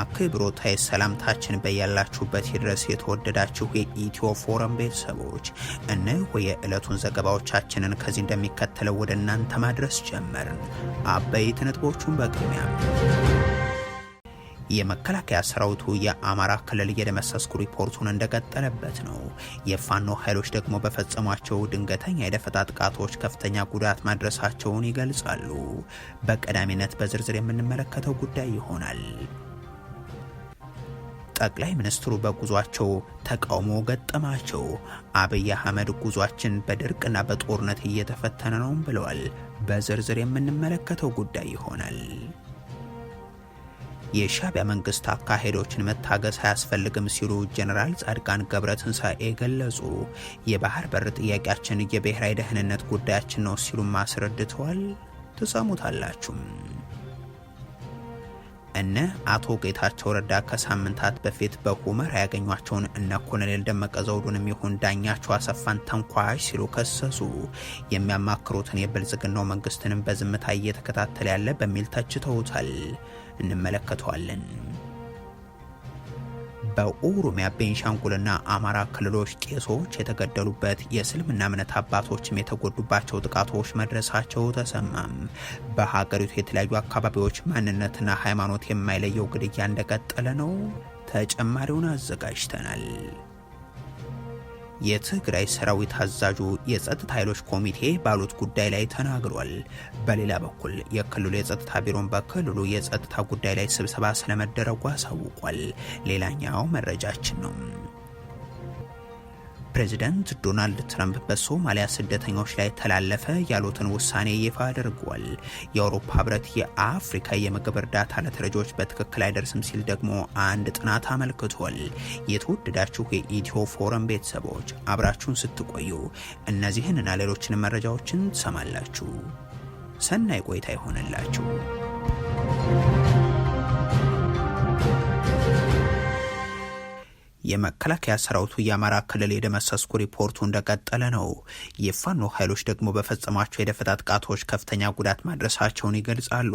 አክብሮታዊ ሰላምታችን በያላችሁበት ይድረስ። የተወደዳችሁ የኢትዮ ፎረም ቤተሰቦች እነሆ የዕለቱን ዘገባዎቻችንን ከዚህ እንደሚከተለው ወደ እናንተ ማድረስ ጀመርን። አበይት ነጥቦቹን በቅድሚያ የመከላከያ ሰራዊቱ የአማራ ክልል የደመሰስኩ ሪፖርቱን እንደቀጠለበት ነው። የፋኖ ኃይሎች ደግሞ በፈጸሟቸው ድንገተኛ የደፈጣ ጥቃቶች ከፍተኛ ጉዳት ማድረሳቸውን ይገልጻሉ። በቀዳሚነት በዝርዝር የምንመለከተው ጉዳይ ይሆናል። ጠቅላይ ሚኒስትሩ በጉዟቸው ተቃውሞ ገጠማቸው። አብይ አህመድ ጉዟችን በድርቅና በጦርነት እየተፈተነ ነውም ብለዋል። በዝርዝር የምንመለከተው ጉዳይ ይሆናል። የሻቢያ መንግስት አካሄዶችን መታገስ አያስፈልግም ሲሉ ጀኔራል ጻድቃን ገብረትንሳኤ ገለጹ። የባህር በር ጥያቄያችን የብሔራዊ ደህንነት ጉዳያችን ነው ሲሉም አስረድተዋል። ትሰሙታላችሁም። እነ አቶ ጌታቸው ረዳ ከሳምንታት በፊት በሁመራ ያገኟቸውን እነ ኮሎኔል ደመቀ ዘውዱንም ይሁን ዳኛቸው አሰፋን ተንኳሽ ሲሉ ከሰሱ። የሚያማክሩትን የብልጽግናው መንግስትንም በዝምታ እየተከታተለ ያለ በሚል ተችተውታል። እንመለከተዋለን። በኦሮሚያ ቤንሻንጉልና አማራ ክልሎች ቄሶች የተገደሉበት የእስልምና እምነት አባቶችም የተጎዱባቸው ጥቃቶች መድረሳቸው ተሰማም። በሀገሪቱ የተለያዩ አካባቢዎች ማንነትና ሃይማኖት የማይለየው ግድያ እንደቀጠለ ነው። ተጨማሪውን አዘጋጅተናል። የትግራይ ሰራዊት አዛዡ የጸጥታ ኃይሎች ኮሚቴ ባሉት ጉዳይ ላይ ተናግሯል። በሌላ በኩል የክልሉ የጸጥታ ቢሮን በክልሉ የጸጥታ ጉዳይ ላይ ስብሰባ ስለመደረጉ አሳውቋል። ሌላኛው መረጃችን ነው። ፕሬዚደንት ዶናልድ ትራምፕ በሶማሊያ ስደተኞች ላይ ተላለፈ ያሉትን ውሳኔ ይፋ አድርጓል። የአውሮፓ ህብረት የአፍሪካ የምግብ እርዳታ ለተረጂዎች በትክክል አይደርስም ሲል ደግሞ አንድ ጥናት አመልክቷል። የተወደዳችሁ የኢትዮ ፎረም ቤተሰቦች አብራችሁን ስትቆዩ እነዚህንና ሌሎችንም መረጃዎችን ትሰማላችሁ። ሰናይ ቆይታ ይሆንላችሁ። የመከላከያ ሰራዊቱ የአማራ ክልል የደመሰስኩ ሪፖርቱ እንደቀጠለ ነው። የፋኖ ኃይሎች ደግሞ በፈጸማቸው የደፈጣ ጥቃቶች ከፍተኛ ጉዳት ማድረሳቸውን ይገልጻሉ።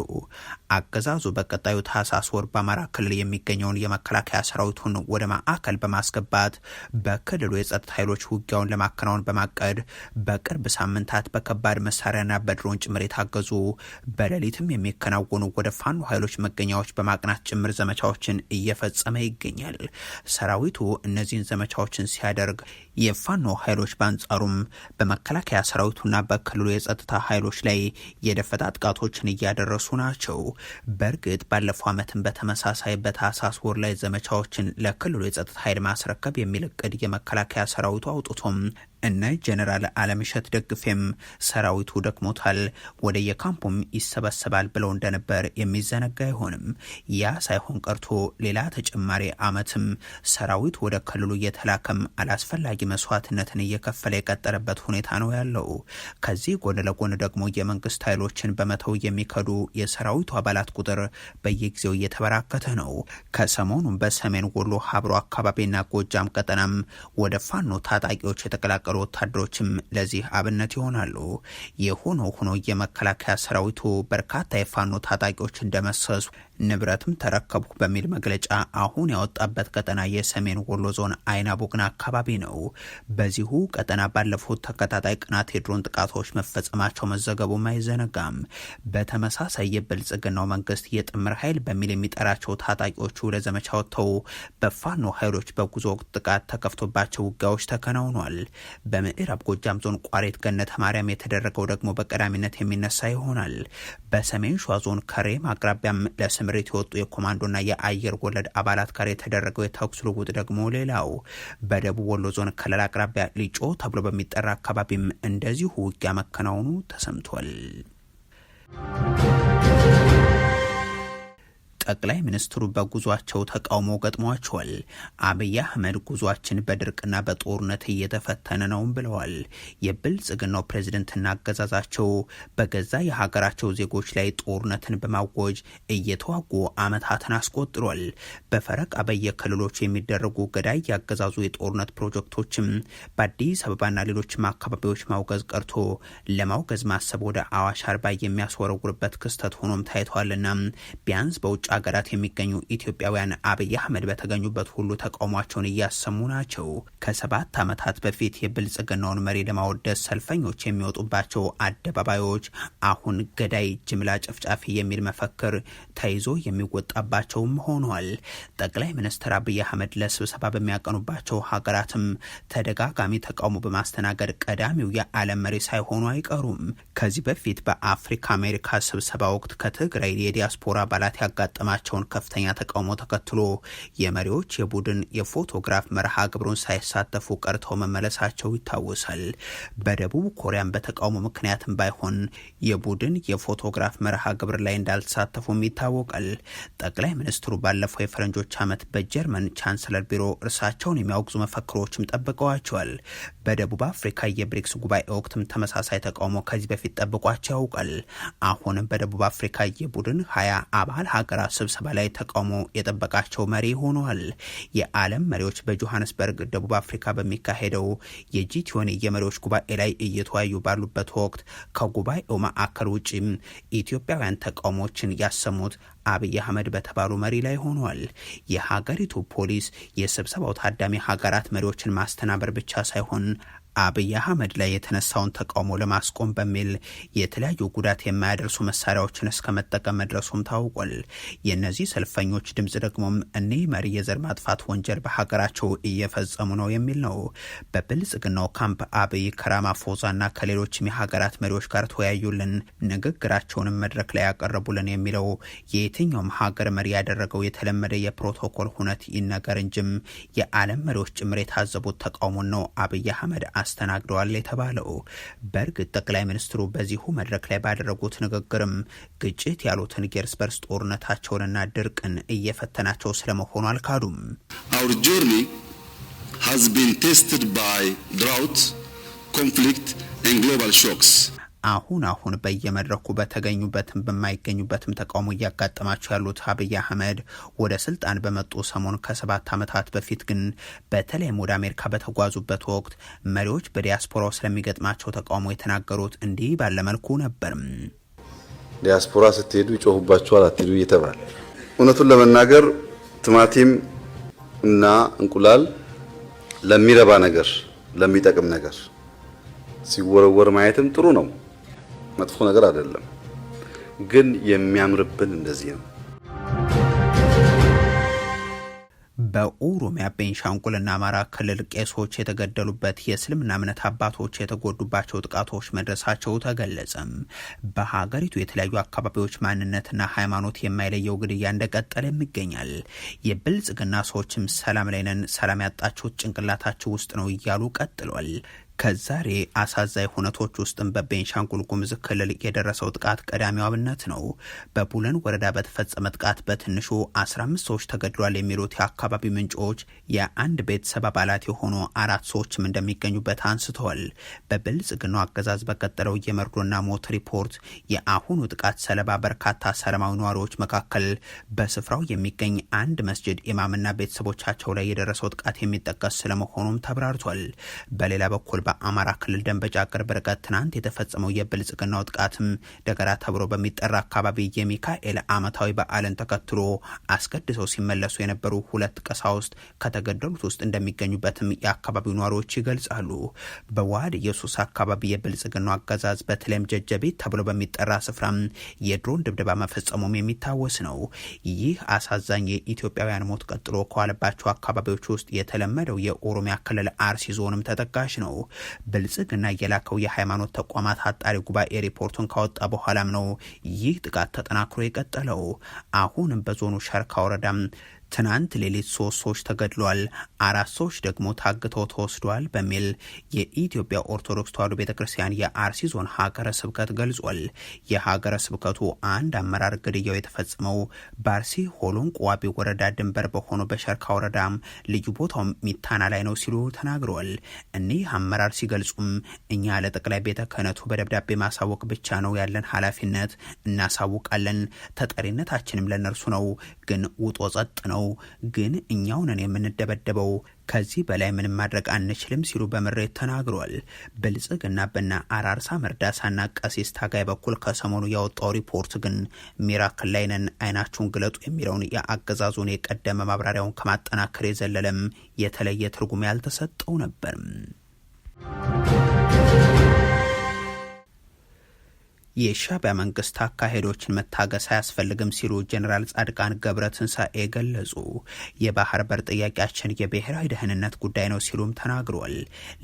አገዛዙ በቀጣዩ ታህሳስ ወር በአማራ ክልል የሚገኘውን የመከላከያ ሰራዊቱን ወደ ማዕከል በማስገባት በክልሉ የጸጥታ ኃይሎች ውጊያውን ለማከናወን በማቀድ በቅርብ ሳምንታት በከባድ መሳሪያና በድሮን ጭምር የታገዙ በሌሊትም የሚከናወኑ ወደ ፋኖ ኃይሎች መገኛዎች በማቅናት ጭምር ዘመቻዎችን እየፈጸመ ይገኛል። ሰራዊቱ እነዚህን ዘመቻዎችን ሲያደርግ የፋኖ ኃይሎች በአንጻሩም በመከላከያ ሰራዊቱና በክልሉ የጸጥታ ኃይሎች ላይ የደፈጣ ጥቃቶችን እያደረሱ ናቸው። በእርግጥ ባለፈው ዓመትም በተመሳሳይ በታህሳስ ወር ላይ ዘመቻዎችን ለክልሉ የጸጥታ ኃይል ማስረከብ የሚል እቅድ የመከላከያ ሰራዊቱ አውጥቶም እነ ጀኔራል አለምሸት ደግፌም ሰራዊቱ ደክሞታል ወደ የካምፑም ይሰበሰባል ብለው እንደነበር የሚዘነጋ አይሆንም። ያ ሳይሆን ቀርቶ ሌላ ተጨማሪ ዓመትም ሰራዊት ወደ ክልሉ እየተላከም አላስፈላጊ መስዋዕትነትን እየከፈለ የቀጠለበት ሁኔታ ነው ያለው። ከዚህ ጎን ለጎን ደግሞ የመንግስት ኃይሎችን በመተው የሚከዱ የሰራዊቱ አባላት ቁጥር በየጊዜው እየተበራከተ ነው። ከሰሞኑም በሰሜን ወሎ ሀብሮ አካባቢና ጎጃም ቀጠናም ወደ ፋኖ ታጣቂዎች የተቀላቀሉ ወታደሮችም ለዚህ አብነት ይሆናሉ። የሆነ ሆኖ የመከላከያ ሰራዊቱ በርካታ የፋኖ ታጣቂዎች እንደመሰሱ ንብረትም ተረከብኩ በሚል መግለጫ አሁን ያወጣበት ቀጠና የሰሜን ወሎ ዞን አይና ቡግና አካባቢ ነው። በዚሁ ቀጠና ባለፉት ተከታታይ ቀናት የድሮን ጥቃቶች መፈጸማቸው መዘገቡም አይዘነጋም። በተመሳሳይ የብልጽግናው መንግስት የጥምር ኃይል በሚል የሚጠራቸው ታጣቂዎቹ ለዘመቻ ወጥተው በፋኖ ኃይሎች በጉዞ ወቅት ጥቃት ተከፍቶባቸው ውጊያዎች ተከናውኗል። በምዕራብ ጎጃም ዞን ቋሬት ገነተ ማርያም የተደረገው ደግሞ በቀዳሚነት የሚነሳ ይሆናል። በሰሜን ሸዋ ዞን ከሬም አቅራቢያም ስምሪት የወጡ የኮማንዶና የአየር ወለድ አባላት ጋር የተደረገው የተኩስ ልውውጥ ደግሞ ሌላው። በደቡብ ወሎ ዞን ከለላ አቅራቢያ ሊጮ ተብሎ በሚጠራ አካባቢም እንደዚሁ ውጊያ መከናወኑ ተሰምቷል። ጠቅላይ ሚኒስትሩ በጉዟቸው ተቃውሞ ገጥሟቸዋል። አብይ አህመድ ጉዟችን በድርቅና በጦርነት እየተፈተነ ነውም ብለዋል። የብልጽግናው ፕሬዝደንትና አገዛዛቸው በገዛ የሀገራቸው ዜጎች ላይ ጦርነትን በማወጅ እየተዋጉ አመታትን አስቆጥሯል። በፈረቃ በየክልሎች የሚደረጉ ገዳይ ያገዛዙ የጦርነት ፕሮጀክቶችም በአዲስ አበባና ሌሎችም አካባቢዎች ማውገዝ ቀርቶ ለማውገዝ ማሰብ ወደ አዋሽ አርባ የሚያስወረውርበት ክስተት ሆኖም ታይቷልና ቢያንስ በውጭ ሀገራት የሚገኙ ኢትዮጵያውያን አብይ አህመድ በተገኙበት ሁሉ ተቃውሟቸውን እያሰሙ ናቸው። ከሰባት ዓመታት በፊት የብልጽግናውን መሪ ለማወደስ ሰልፈኞች የሚወጡባቸው አደባባዮች አሁን ገዳይ፣ ጅምላ ጨፍጫፊ የሚል መፈክር ተይዞ የሚወጣባቸውም ሆኗል። ጠቅላይ ሚኒስትር አብይ አህመድ ለስብሰባ በሚያቀኑባቸው ሀገራትም ተደጋጋሚ ተቃውሞ በማስተናገድ ቀዳሚው የዓለም መሪ ሳይሆኑ አይቀሩም። ከዚህ በፊት በአፍሪካ አሜሪካ ስብሰባ ወቅት ከትግራይ የዲያስፖራ አባላት ያጋጠ ያጋጠማቸውን ከፍተኛ ተቃውሞ ተከትሎ የመሪዎች የቡድን የፎቶግራፍ መርሃ ግብሩን ሳይሳተፉ ቀርተው መመለሳቸው ይታወሳል። በደቡብ ኮሪያን በተቃውሞ ምክንያትም ባይሆን የቡድን የፎቶግራፍ መርሃ ግብር ላይ እንዳልተሳተፉም ይታወቃል። ጠቅላይ ሚኒስትሩ ባለፈው የፈረንጆች ዓመት በጀርመን ቻንስለር ቢሮ እርሳቸውን የሚያወግዙ መፈክሮችም ጠብቀዋቸዋል። በደቡብ አፍሪካ የብሪክስ ጉባኤ ወቅትም ተመሳሳይ ተቃውሞ ከዚህ በፊት ጠብቋቸው ያውቃል። አሁንም በደቡብ አፍሪካ የቡድን ሀያ አባል ሀገራት ስብሰባ ላይ ተቃውሞ የጠበቃቸው መሪ ሆኗል የዓለም መሪዎች በጆሃንስበርግ ደቡብ አፍሪካ በሚካሄደው የጂ የመሪዎች ጉባኤ ላይ እየተወያዩ ባሉበት ወቅት ከጉባኤው ማዕከል ውጭም ኢትዮጵያውያን ተቃውሞዎችን ያሰሙት አብይ አህመድ በተባሉ መሪ ላይ ሆኗል። የሀገሪቱ ፖሊስ የስብሰባው ታዳሚ ሀገራት መሪዎችን ማስተናበር ብቻ ሳይሆን አብይ አህመድ ላይ የተነሳውን ተቃውሞ ለማስቆም በሚል የተለያዩ ጉዳት የማያደርሱ መሳሪያዎችን እስከ መጠቀም መድረሱም ታውቋል። የእነዚህ ሰልፈኞች ድምፅ ደግሞም እኒህ መሪ የዘር ማጥፋት ወንጀል በሀገራቸው እየፈጸሙ ነው የሚል ነው። በብልጽግናው ካምፕ አብይ ከራማፎዛና ከሌሎችም የሀገራት መሪዎች ጋር ተወያዩልን፣ ንግግራቸውንም መድረክ ላይ ያቀረቡልን የሚለው የትኛውም ሀገር መሪ ያደረገው የተለመደ የፕሮቶኮል ሁነት ይነገር እንጂም የዓለም መሪዎች ጭምር የታዘቡት ተቃውሞን ነው አብይ አህመድ አስተናግደዋል የተባለው። በእርግጥ ጠቅላይ ሚኒስትሩ በዚሁ መድረክ ላይ ባደረጉት ንግግርም ግጭት ያሉትን ጌርስ በርስ ጦርነታቸውንና ድርቅን እየፈተናቸው ስለመሆኑ አልካዱም። አውር ጆርኒ ሃዝ ቢን ቴስትድ ባይ ድራውት ኮንፍሊክት ኤንድ ግሎባል ሾክስ አሁን አሁን በየመድረኩ በተገኙበትም በማይገኙበትም ተቃውሞ እያጋጠማቸው ያሉት አብይ አህመድ ወደ ስልጣን በመጡ ሰሞን ከሰባት ዓመታት በፊት ግን በተለይም ወደ አሜሪካ በተጓዙበት ወቅት መሪዎች በዲያስፖራው ስለሚገጥማቸው ተቃውሞ የተናገሩት እንዲህ ባለመልኩ ነበርም። ዲያስፖራ ስትሄዱ ይጮሁባችኋል፣ አትሄዱ እየተባለ እውነቱን ለመናገር ቲማቲም እና እንቁላል ለሚረባ ነገር ለሚጠቅም ነገር ሲወረወር ማየትም ጥሩ ነው። መጥፎ ነገር አይደለም፣ ግን የሚያምርብን እንደዚህ ነው። በኦሮሚያ ቤንሻንጉልና አማራ ክልል ቄሶች የተገደሉበት የእስልምና እምነት አባቶች የተጎዱባቸው ጥቃቶች መድረሳቸው ተገለጸም። በሀገሪቱ የተለያዩ አካባቢዎች ማንነትና ሃይማኖት የማይለየው ግድያ እንደቀጠለም ይገኛል። የብልጽግና ሰዎችም ሰላም ላይ ነን፣ ሰላም ያጣችሁት ጭንቅላታችሁ ውስጥ ነው እያሉ ቀጥሏል። ከዛሬ አሳዛኝ ሁነቶች ውስጥም በቤንሻንጉል ጉምዝ ክልል የደረሰው ጥቃት ቀዳሚው አብነት ነው። በቡለን ወረዳ በተፈጸመ ጥቃት በትንሹ 15 ሰዎች ተገድሏል የሚሉት የአካባቢ ምንጮች የአንድ ቤተሰብ አባላት የሆኑ አራት ሰዎችም እንደሚገኙበት አንስተዋል። በብልጽግናው አገዛዝ በቀጠለው የመርዶና ሞት ሪፖርት የአሁኑ ጥቃት ሰለባ በርካታ ሰላማዊ ነዋሪዎች መካከል በስፍራው የሚገኝ አንድ መስጅድ ኢማምና ቤተሰቦቻቸው ላይ የደረሰው ጥቃት የሚጠቀስ ስለመሆኑም ተብራርቷል። በሌላ በኩል በአማራ ክልል ደንበጫ ቅርብ ርቀት ትናንት የተፈጸመው የብልጽግናው ጥቃትም ደገራ ተብሎ በሚጠራ አካባቢ የሚካኤል ዓመታዊ በዓልን ተከትሎ አስገድሰው ሲመለሱ የነበሩ ሁለት ቀሳውስት ከተገደሉት ውስጥ እንደሚገኙበትም የአካባቢው ነዋሪዎች ይገልጻሉ። በዋድ የሱስ አካባቢ የብልጽግናው አገዛዝ በተለይም ጀጀቤት ተብሎ በሚጠራ ስፍራም የድሮን ድብደባ መፈጸሙም የሚታወስ ነው። ይህ አሳዛኝ የኢትዮጵያውያን ሞት ቀጥሎ ከዋለባቸው አካባቢዎች ውስጥ የተለመደው የኦሮሚያ ክልል አርሲ ዞንም ተጠቃሽ ነው። ብልጽግና የላከው የሃይማኖት ተቋማት አጣሪ ጉባኤ ሪፖርቱን ካወጣ በኋላም ነው ይህ ጥቃት ተጠናክሮ የቀጠለው። አሁንም በዞኑ ሸርካ ወረዳም ትናንት ሌሊት ሶስት ሰዎች ተገድለዋል፣ አራት ሰዎች ደግሞ ታግተው ተወስደዋል በሚል የኢትዮጵያ ኦርቶዶክስ ተዋሕዶ ቤተ ክርስቲያን የአርሲ ዞን ሀገረ ስብከት ገልጿል። የሀገረ ስብከቱ አንድ አመራር ግድያው የተፈጸመው በአርሲ ሆሎን ቆዋቢ ወረዳ ድንበር በሆነው በሸርካ ወረዳም ልዩ ቦታው ሚታና ላይ ነው ሲሉ ተናግረዋል። እኒህ አመራር ሲገልጹም እኛ ለጠቅላይ ቤተ ክህነቱ በደብዳቤ ማሳወቅ ብቻ ነው ያለን ኃላፊነት እናሳውቃለን። ተጠሪነታችንም ለነርሱ ነው፣ ግን ውጦ ጸጥ ነው ነው፣ ግን እኛው ነን የምንደበደበው ከዚህ በላይ ምንም ማድረግ አንችልም ሲሉ በምሬት ተናግሯል። ብልጽግና በና አራርሳ መርዳሳና ቀሲስ ታጋይ በኩል ከሰሞኑ ያወጣው ሪፖርት ግን ሚራክል ላይ ነን አይናችሁን ግለጡ የሚለውን የአገዛዙን የቀደመ ማብራሪያውን ከማጠናከር የዘለለም የተለየ ትርጉም ያልተሰጠው ነበር። የሻቢያ መንግስት አካሄዶችን መታገስ አያስፈልግም ሲሉ ጀኔራል ጻድቃን ገብረ ትንሳኤ ገለጹ። የባህር በር ጥያቄያችን የብሔራዊ ደህንነት ጉዳይ ነው ሲሉም ተናግሯል።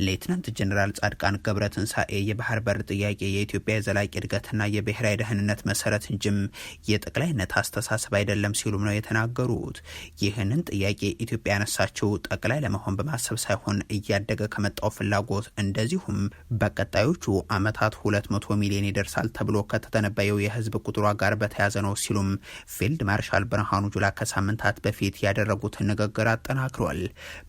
ሌትናንት ጀኔራል ጻድቃን ገብረ ትንሳኤ የባህር በር ጥያቄ የኢትዮጵያ የዘላቂ እድገትና የብሔራዊ ደህንነት መሰረት እንጂም የጠቅላይነት አስተሳሰብ አይደለም ሲሉም ነው የተናገሩት። ይህንን ጥያቄ ኢትዮጵያ ያነሳችው ጠቅላይ ለመሆን በማሰብ ሳይሆን እያደገ ከመጣው ፍላጎት እንደዚሁም በቀጣዮቹ ዓመታት ሁለት መቶ ሚሊዮን ይደርሳል ተብሎ ከተተነበየው የህዝብ ቁጥሯ ጋር በተያዘ ነው ሲሉም ፊልድ ማርሻል ብርሃኑ ጁላ ከሳምንታት በፊት ያደረጉትን ንግግር አጠናክሯል።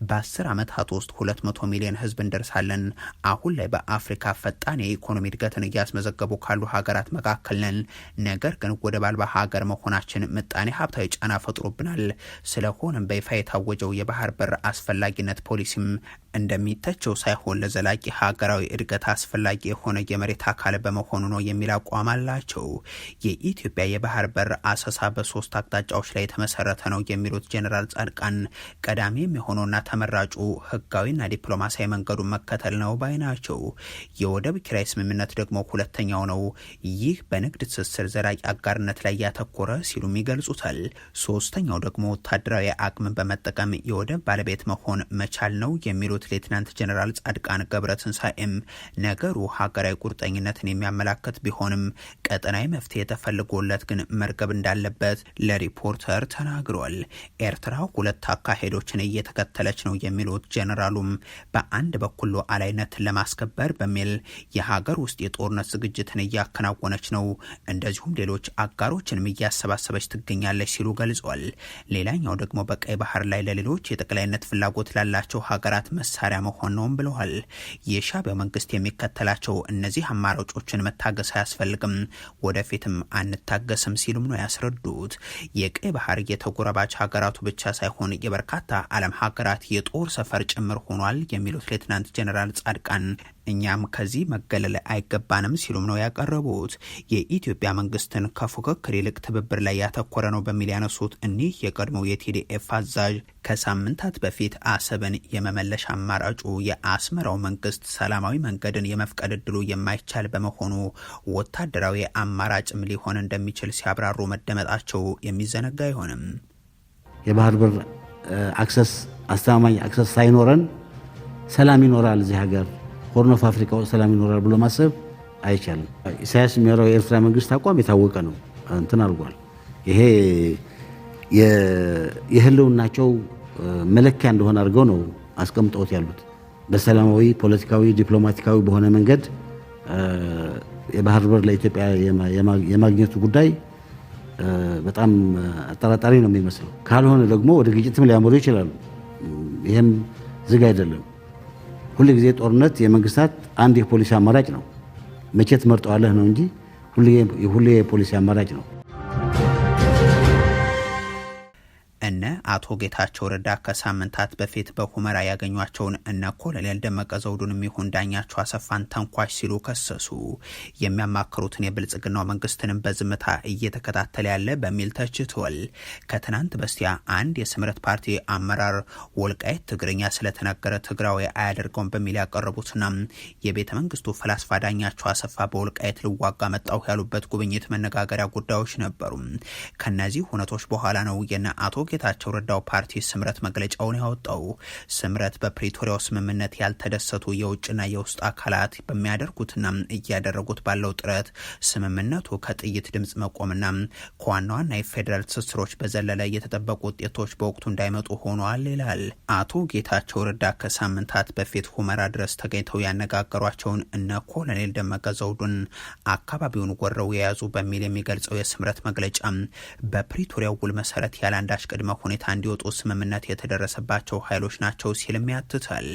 በአስር ዓመታት ውስጥ 200 ሚሊዮን ህዝብ እንደርሳለን። አሁን ላይ በአፍሪካ ፈጣን የኢኮኖሚ እድገትን እያስመዘገቡ ካሉ ሀገራት መካከል ነን። ነገር ግን ወደብ አልባ ሀገር መሆናችን ምጣኔ ሀብታዊ ጫና ፈጥሮብናል። ስለሆነም በይፋ የታወጀው የባህር በር አስፈላጊነት ፖሊሲም እንደሚተቸው ሳይሆን ለዘላቂ ሀገራዊ እድገት አስፈላጊ የሆነ የመሬት አካል በመሆኑ ነው የሚል አቋም አላቸው። የኢትዮጵያ የባህር በር አሰሳ በሶስት አቅጣጫዎች ላይ የተመሰረተ ነው የሚሉት ጀኔራል ጻድቃን ቀዳሚ የሚሆነውና ተመራጩ ህጋዊና ዲፕሎማሲያዊ መንገዱን መከተል ነው ባይ ናቸው። የወደብ ኪራይ ስምምነት ደግሞ ሁለተኛው ነው። ይህ በንግድ ትስስር ዘላቂ አጋርነት ላይ ያተኮረ ሲሉም ይገልጹታል። ሶስተኛው ደግሞ ወታደራዊ አቅምን በመጠቀም የወደብ ባለቤት መሆን መቻል ነው የሚሉት የነበሩት ሌትናንት ጀኔራል ጻድቃን ትንሳኤም ነገሩ ሀገራዊ ቁርጠኝነትን የሚያመላክት ቢሆንም ቀጠናዊ መፍትሄ ተፈልጎለት ግን መርገብ እንዳለበት ለሪፖርተር ተናግሯል። ኤርትራ ሁለት አካሄዶችን እየተከተለች ነው የሚሉት ጀኔራሉም በአንድ በኩል ሉዓላዊነትን ለማስከበር በሚል የሀገር ውስጥ የጦርነት ዝግጅትን እያከናወነች ነው፣ እንደዚሁም ሌሎች አጋሮችንም እያሰባሰበች ትገኛለች ሲሉ ገልጿል። ሌላኛው ደግሞ በቀይ ባህር ላይ ለሌሎች የጠቅላይነት ፍላጎት ላላቸው ሀገራት መስ መሳሪያ መሆን ነውም ብለዋል። የሻቢያው መንግስት የሚከተላቸው እነዚህ አማራጮችን መታገስ አያስፈልግም፣ ወደፊትም አንታገስም ሲሉም ነው ያስረዱት። የቀይ ባህር የተጎረባች ሀገራቱ ብቻ ሳይሆን የበርካታ ዓለም ሀገራት የጦር ሰፈር ጭምር ሆኗል የሚሉት ሌትናንት ጀኔራል ጻድቃን እኛም ከዚህ መገለል አይገባንም ሲሉም ነው ያቀረቡት። የኢትዮጵያ መንግስትን ከፉክክር ይልቅ ትብብር ላይ ያተኮረ ነው በሚል ያነሱት እኒህ የቀድሞው የቲዲኤፍ አዛዥ ከሳምንታት በፊት አሰብን የመመለሽ አማራጩ የአስመራው መንግስት ሰላማዊ መንገድን የመፍቀድ እድሉ የማይቻል በመሆኑ ወታደራዊ አማራጭም ሊሆን እንደሚችል ሲያብራሩ መደመጣቸው የሚዘነጋ አይሆንም። የባህር በር አክሰስ አስተማማኝ አክሰስ ሳይኖረን ሰላም ይኖራል እዚህ ሀገር ሆርን ኦፍ አፍሪካ ውስጥ ሰላም ይኖራል ብሎ ማሰብ አይቻልም። ኢሳያስ የሚመራው የኤርትራ መንግስት አቋም የታወቀ ነው። እንትን አድርጓል። ይሄ የህልውናቸው መለኪያ እንደሆነ አድርገው ነው አስቀምጠውት ያሉት። በሰላማዊ ፖለቲካዊ፣ ዲፕሎማቲካዊ በሆነ መንገድ የባህር በር ለኢትዮጵያ የማግኘቱ ጉዳይ በጣም አጠራጣሪ ነው የሚመስለው። ካልሆነ ደግሞ ወደ ግጭትም ሊያመሩ ይችላሉ። ይህም ዝግ አይደለም። ሁል ጊዜ ጦርነት የመንግስታት አንድ የፖሊሲ አማራጭ ነው። መቼ ትመርጠዋለህ ነው እንጂ ሁሌ የፖሊሲ አማራጭ ነው። እነ አቶ ጌታቸው ረዳ ከሳምንታት በፊት በሁመራ ያገኟቸውን እነ ኮሎኔል ደመቀ ዘውዱን የሚሆን ዳኛቸው አሰፋን ተንኳሽ ሲሉ ከሰሱ። የሚያማክሩትን የብልጽግናው መንግስትንም በዝምታ እየተከታተለ ያለ በሚል ተችቷል። ከትናንት በስቲያ አንድ የስምረት ፓርቲ አመራር ወልቃይት ትግርኛ ስለተነገረ ትግራዊ አያደርገውም በሚል ያቀረቡትና የቤተ መንግስቱ ፈላስፋ ዳኛቸው አሰፋ በወልቃይት ልዋጋ መጣሁ ያሉበት ጉብኝት መነጋገሪያ ጉዳዮች ነበሩ። ከነዚህ ሁነቶች በኋላ ነው የነ አቶ ጌታቸው ረዳው ፓርቲ ስምረት መግለጫውን ያወጣው ስምረት በፕሪቶሪያው ስምምነት ያልተደሰቱ የውጭና የውስጥ አካላት በሚያደርጉትና እያደረጉት ባለው ጥረት ስምምነቱ ከጥይት ድምፅ መቆምና ከዋና ዋና የፌዴራል ትስስሮች በዘለለ የተጠበቁ ውጤቶች በወቅቱ እንዳይመጡ ሆኗል ይላል። አቶ ጌታቸው ረዳ ከሳምንታት በፊት ሁመራ ድረስ ተገኝተው ያነጋገሯቸውን እነ ኮሎኔል ደመቀ ዘውዱን አካባቢውን ወረው የያዙ በሚል የሚገልጸው የስምረት መግለጫ በፕሪቶሪያው ውል መሰረት ያለ አንዳች ቅድመ ሁኔታ እንዲወጡ ስምምነት የተደረሰባቸው ኃይሎች ናቸው ሲልም ያትታል።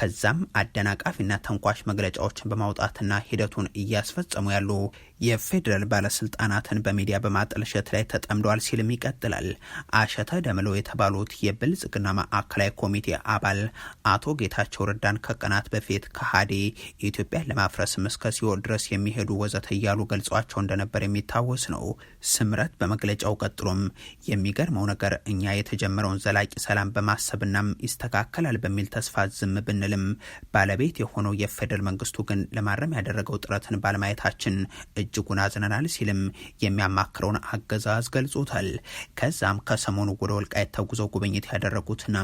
ከዛም አደናቃፊና ተንኳሽ መግለጫዎችን በማውጣትና ሂደቱን እያስፈጸሙ ያሉ የፌዴራል ባለስልጣናትን በሚዲያ በማጠልሸት ላይ ተጠምደዋል ሲልም ይቀጥላል። አሸተ ደምለው የተባሉት የብልጽግና ማዕከላዊ ኮሚቴ አባል አቶ ጌታቸው ረዳን ከቀናት በፊት ከሀዴ ኢትዮጵያን ለማፍረስም እስከ ሲኦል ድረስ የሚሄዱ ወዘተ እያሉ ገልጿቸው እንደነበር የሚታወስ ነው። ስምረት በመግለጫው ቀጥሎም የሚገርመው ነገር እኛ የተጀመረውን ዘላቂ ሰላም በማሰብናም ይስተካከላል በሚል ተስፋ ዝም ብንልም ባለቤት የሆነው የፌዴራል መንግስቱ ግን ለማረም ያደረገው ጥረትን ባለማየታችን እጅጉን አዝነናል ሲልም የሚያማክረውን አገዛዝ ገልጾታል። ከዛም ከሰሞኑ ወደ ወልቃይት ተጉዘው ጉብኝት ያደረጉትና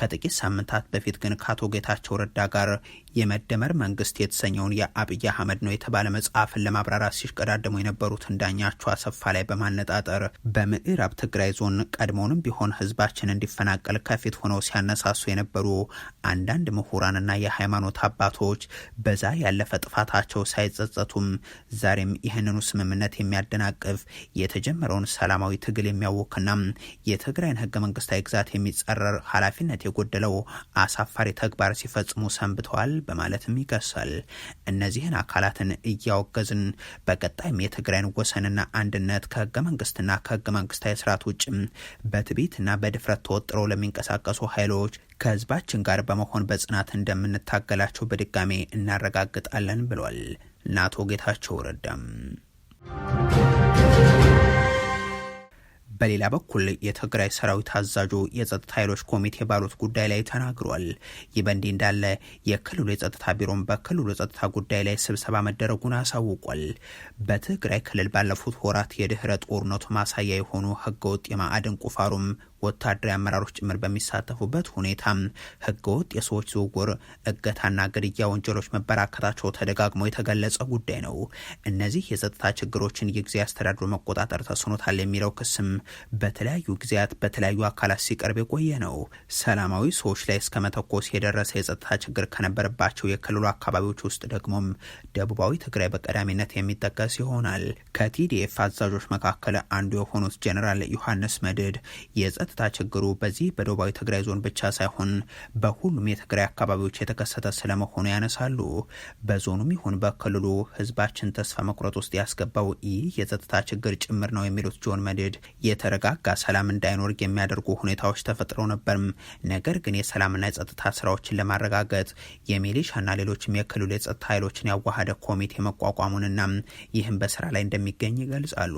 ከጥቂት ሳምንታት በፊት ግን ከአቶ ጌታቸው ረዳ ጋር የመደመር መንግስት የተሰኘውን የአብይ አህመድ ነው የተባለ መጽሐፍን ለማብራራት ሲሽቀዳደሙ የነበሩትን ዳኛቸው አሰፋ ላይ በማነጣጠር በምዕራብ ትግራይ ዞን ቀድሞውንም ቢሆን ህዝባችን እንዲፈናቀል ከፊት ሆነው ሲያነሳሱ የነበሩ አንዳንድ ምሁራንና የሃይማኖት አባቶች በዛ ያለፈ ጥፋታቸው ሳይጸጸቱም ዛሬም ይህንኑ ስምምነት የሚያደናቅፍ የተጀመረውን ሰላማዊ ትግል የሚያውክና የትግራይን ህገ መንግስታዊ ግዛት የሚጸረር ኃላፊነት የጎደለው አሳፋሪ ተግባር ሲፈጽሙ ሰንብተዋል። በማለትም ይከሳል። እነዚህን አካላትን እያወገዝን በቀጣይም የትግራይን ወሰንና አንድነት ከህገ መንግስትና ከህገ መንግስታዊ ስርዓት ውጭም በትዕቢትና በድፍረት ተወጥሮ ለሚንቀሳቀሱ ኃይሎች ከህዝባችን ጋር በመሆን በጽናት እንደምንታገላቸው በድጋሜ እናረጋግጣለን ብሏል። ናቶ ጌታቸው ረዳም በሌላ በኩል የትግራይ ሰራዊት አዛዡ የጸጥታ ኃይሎች ኮሚቴ ባሉት ጉዳይ ላይ ተናግሯል። ይህ በእንዲህ እንዳለ የክልሉ የጸጥታ ቢሮም በክልሉ የጸጥታ ጉዳይ ላይ ስብሰባ መደረጉን አሳውቋል። በትግራይ ክልል ባለፉት ወራት የድህረ ጦርነቱ ማሳያ የሆኑ ህገወጥ የማዕድን ቁፋሩም ወታደራዊ አመራሮች ጭምር በሚሳተፉበት ሁኔታ ህገወጥ የሰዎች ዝውውር፣ እገታና ግድያ ወንጀሎች መበራከታቸው ተደጋግሞ የተገለጸ ጉዳይ ነው። እነዚህ የጸጥታ ችግሮችን የጊዜ አስተዳድሮ መቆጣጠር ተስኖታል የሚለው ክስም በተለያዩ ጊዜያት በተለያዩ አካላት ሲቀርብ የቆየ ነው። ሰላማዊ ሰዎች ላይ እስከ መተኮስ የደረሰ የጸጥታ ችግር ከነበረባቸው የክልሉ አካባቢዎች ውስጥ ደግሞም ደቡባዊ ትግራይ በቀዳሚነት የሚጠቀስ ይሆናል። ከቲዲኤፍ አዛዦች መካከል አንዱ የሆኑት ጀኔራል ዮሐንስ መድድ የጸጥ የጸጥታ ችግሩ በዚህ በደቡባዊ ትግራይ ዞን ብቻ ሳይሆን በሁሉም የትግራይ አካባቢዎች የተከሰተ ስለመሆኑ ያነሳሉ። በዞኑም ይሁን በክልሉ ህዝባችን ተስፋ መቁረጥ ውስጥ ያስገባው ይህ የጸጥታ ችግር ጭምር ነው የሚሉት ጆን መድድ የተረጋጋ ሰላም እንዳይኖር የሚያደርጉ ሁኔታዎች ተፈጥረው ነበርም። ነገር ግን የሰላምና የጸጥታ ስራዎችን ለማረጋገጥ የሚሊሻና ሌሎችም የክልሉ የጸጥታ ኃይሎችን ያዋሃደ ኮሚቴ መቋቋሙንና ይህም በስራ ላይ እንደሚገኝ ይገልጻሉ።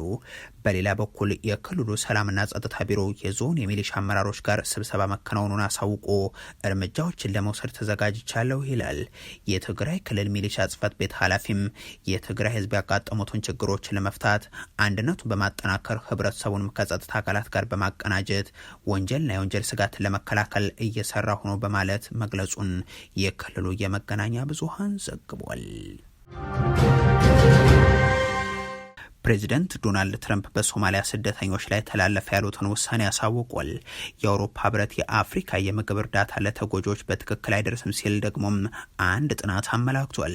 በሌላ በኩል የክልሉ ሰላምና ጸጥታ ቢሮ የዞን የሚሊሻ አመራሮች ጋር ስብሰባ መከናወኑን አሳውቆ እርምጃዎችን ለመውሰድ ተዘጋጅቻለሁ ይላል። የትግራይ ክልል ሚሊሻ ጽህፈት ቤት ኃላፊም የትግራይ ህዝብ ያጋጠሙትን ችግሮችን ለመፍታት አንድነቱን በማጠናከር ህብረተሰቡንም ከጸጥታ አካላት ጋር በማቀናጀት ወንጀልና የወንጀል ስጋትን ለመከላከል እየሰራ ሆኖ በማለት መግለጹን የክልሉ የመገናኛ ብዙሃን ዘግቧል። ፕሬዚደንት ዶናልድ ትረምፕ በሶማሊያ ስደተኞች ላይ ተላለፈ ያሉትን ውሳኔ አሳውቋል። የአውሮፓ ህብረት የአፍሪካ የምግብ እርዳታ ለተጎጂዎች በትክክል አይደርስም ሲል ደግሞም አንድ ጥናት አመላክቷል።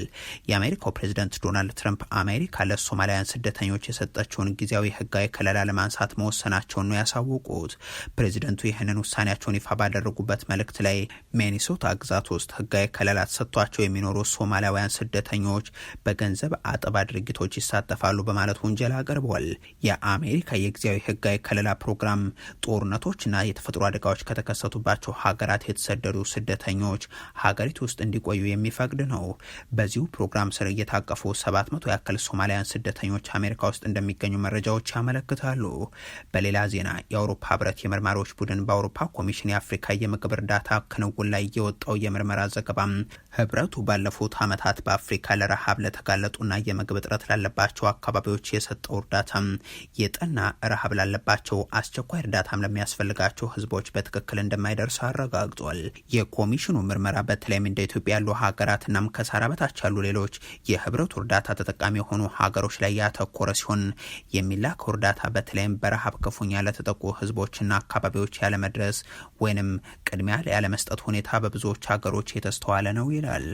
የአሜሪካው ፕሬዚደንት ዶናልድ ትረምፕ አሜሪካ ለሶማሊያውያን ስደተኞች የሰጠችውን ጊዜያዊ ህጋዊ ከለላ ለማንሳት መወሰናቸውን ነው ያሳወቁት። ፕሬዚደንቱ ይህንን ውሳኔያቸውን ይፋ ባደረጉበት መልእክት ላይ ሚኒሶታ ግዛት ውስጥ ህጋዊ ከለላ ተሰጥቷቸው የሚኖሩ ሶማሊያውያን ስደተኞች በገንዘብ አጠባ ድርጊቶች ይሳተፋሉ በማለት ወንጀ ውንጀላ አቅርበዋል። የአሜሪካ የጊዜያዊ ህጋዊ ከለላ ፕሮግራም ጦርነቶችና የተፈጥሮ አደጋዎች ከተከሰቱባቸው ሀገራት የተሰደዱ ስደተኞች ሀገሪቱ ውስጥ እንዲቆዩ የሚፈቅድ ነው። በዚሁ ፕሮግራም ስር እየታቀፉ 700 ያክል ሶማሊያን ስደተኞች አሜሪካ ውስጥ እንደሚገኙ መረጃዎች ያመለክታሉ። በሌላ ዜና የአውሮፓ ህብረት የመርማሪዎች ቡድን በአውሮፓ ኮሚሽን የአፍሪካ የምግብ እርዳታ ክንውን ላይ የወጣው የምርመራ ዘገባ ህብረቱ ባለፉት ዓመታት በአፍሪካ ለረሃብ ለተጋለጡና የምግብ እጥረት ላለባቸው አካባቢዎች የሰ የሚሰጠው እርዳታም የጠና ረሃብ ላለባቸው አስቸኳይ እርዳታም ለሚያስፈልጋቸው ህዝቦች በትክክል እንደማይደርስ አረጋግጧል። የኮሚሽኑ ምርመራ በተለይም እንደ ኢትዮጵያ ያሉ ሀገራትና ከሳራ በታች ያሉ ሌሎች የህብረቱ እርዳታ ተጠቃሚ የሆኑ ሀገሮች ላይ ያተኮረ ሲሆን የሚላከው እርዳታ በተለይም በረሃብ ክፉኛ ለተጠቁ ህዝቦችና አካባቢዎች ያለመድረስ ወይንም ቅድሚያ ያለመስጠት ሁኔታ በብዙዎች ሀገሮች የተስተዋለ ነው ይላል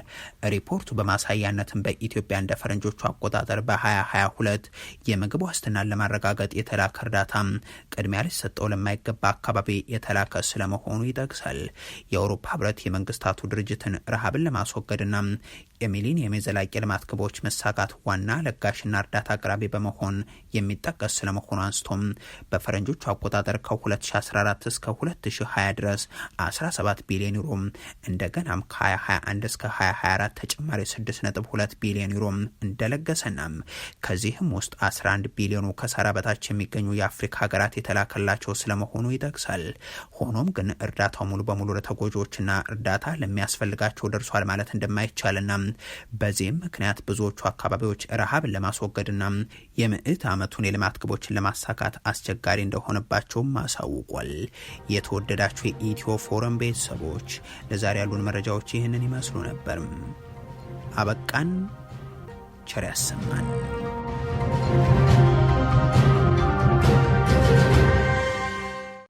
ሪፖርቱ። በማሳያነትም በኢትዮጵያ እንደ ፈረንጆቹ አቆጣጠር በ2022 የምግብ ዋስትናን ለማረጋገጥ የተላከ እርዳታ ቅድሚያ ሊሰጠው ለማይገባ አካባቢ የተላከ ስለመሆኑ ይጠቅሳል። የአውሮፓ ህብረት የመንግስታቱ ድርጅትን ረሃብን ለማስወገድና የሚሊኒየም የዘላቂ ልማት ግቦች መሳካት ዋና ለጋሽና እርዳታ አቅራቢ በመሆን የሚጠቀስ ስለመሆኑ አንስቶም በፈረንጆቹ አቆጣጠር ከ2014 እስከ 2020 ድረስ 17 ቢሊዮን ዩሮ እንደገናም ከ2021 እስከ 2024 ተጨማሪ 6.2 ቢሊዮን ዩሮ እንደለገሰና ከዚህም ውስጥ 11 ቢሊዮኑ ከሰሃራ በታች የሚገኙ የአፍሪካ ሀገራት የተላከላቸው ስለመሆኑ ይጠቅሳል። ሆኖም ግን እርዳታው ሙሉ በሙሉ ለተጎጂዎችና እርዳታ ለሚያስፈልጋቸው ደርሷል ማለት እንደማይቻልና በዚህም ምክንያት ብዙዎቹ አካባቢዎች ረሃብን ለማስወገድና የምዕት ዓመቱን የልማት ግቦችን ለማሳካት አስቸጋሪ እንደሆነባቸውም አሳውቋል። የተወደዳችሁ የኢትዮ ፎረም ቤተሰቦች ለዛሬ ያሉን መረጃዎች ይህንን ይመስሉ ነበር። አበቃን። ቸር ያሰማን።